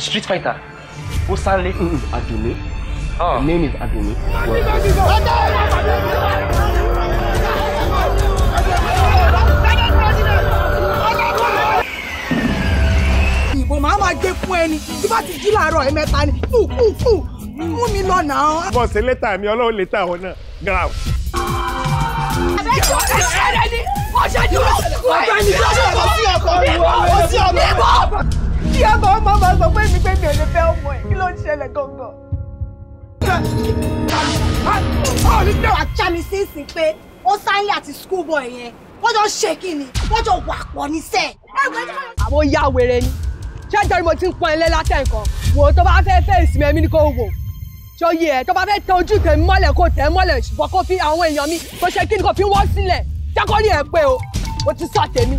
street fighter ó sáré. Adùnní ah. the name is Adùnní. ìbò màá máa gbé fún ẹni tí bá ti jí làárọ̀ ẹ̀mẹ́ta ni fù fù fù mú mi lọ nà án. bọ́sẹ̀ lẹ́tà mi ọlọ́run lè tà wọn náà ground. àbẹ̀jọ́ ẹ̀ṣẹ̀ rẹ̀ ni ọ̀ṣẹ̀ dúró. ọ̀gbẹ́ni sọ́dọ̀ ọ̀sẹ̀ ọkọ̀ mi ọ̀sẹ̀ ọkọ̀ mi. ìbò ìyá bàbá máa gbọ́ pé ṣẹlẹ̀ gangan. ó ní pé wàá já mi sínsìn pé ó sáyé àti schoolboy yẹn wọ́n jọ ṣe kí ni wọ́n jọ wà pọ̀ níṣẹ́. àwọn ya wèrè ni ṣé ìjọba mo ti ń pọn ilé látẹ̀ nǹkan wò tó bá fẹ́ fẹ́ ìsinmi ẹ̀mí ni kò wò ṣòye ẹ̀ tó bá fẹ́ tẹ ojú tèmi mọ́lẹ̀ kó tẹ̀ mọ́lẹ̀ ṣùgbọ́n kó fi àwọn èèyàn mi kó ṣe kí ni kó fi wọ́n sílẹ̀ jákọ́ ní ẹ̀ pé o mo ti sọ tèmi.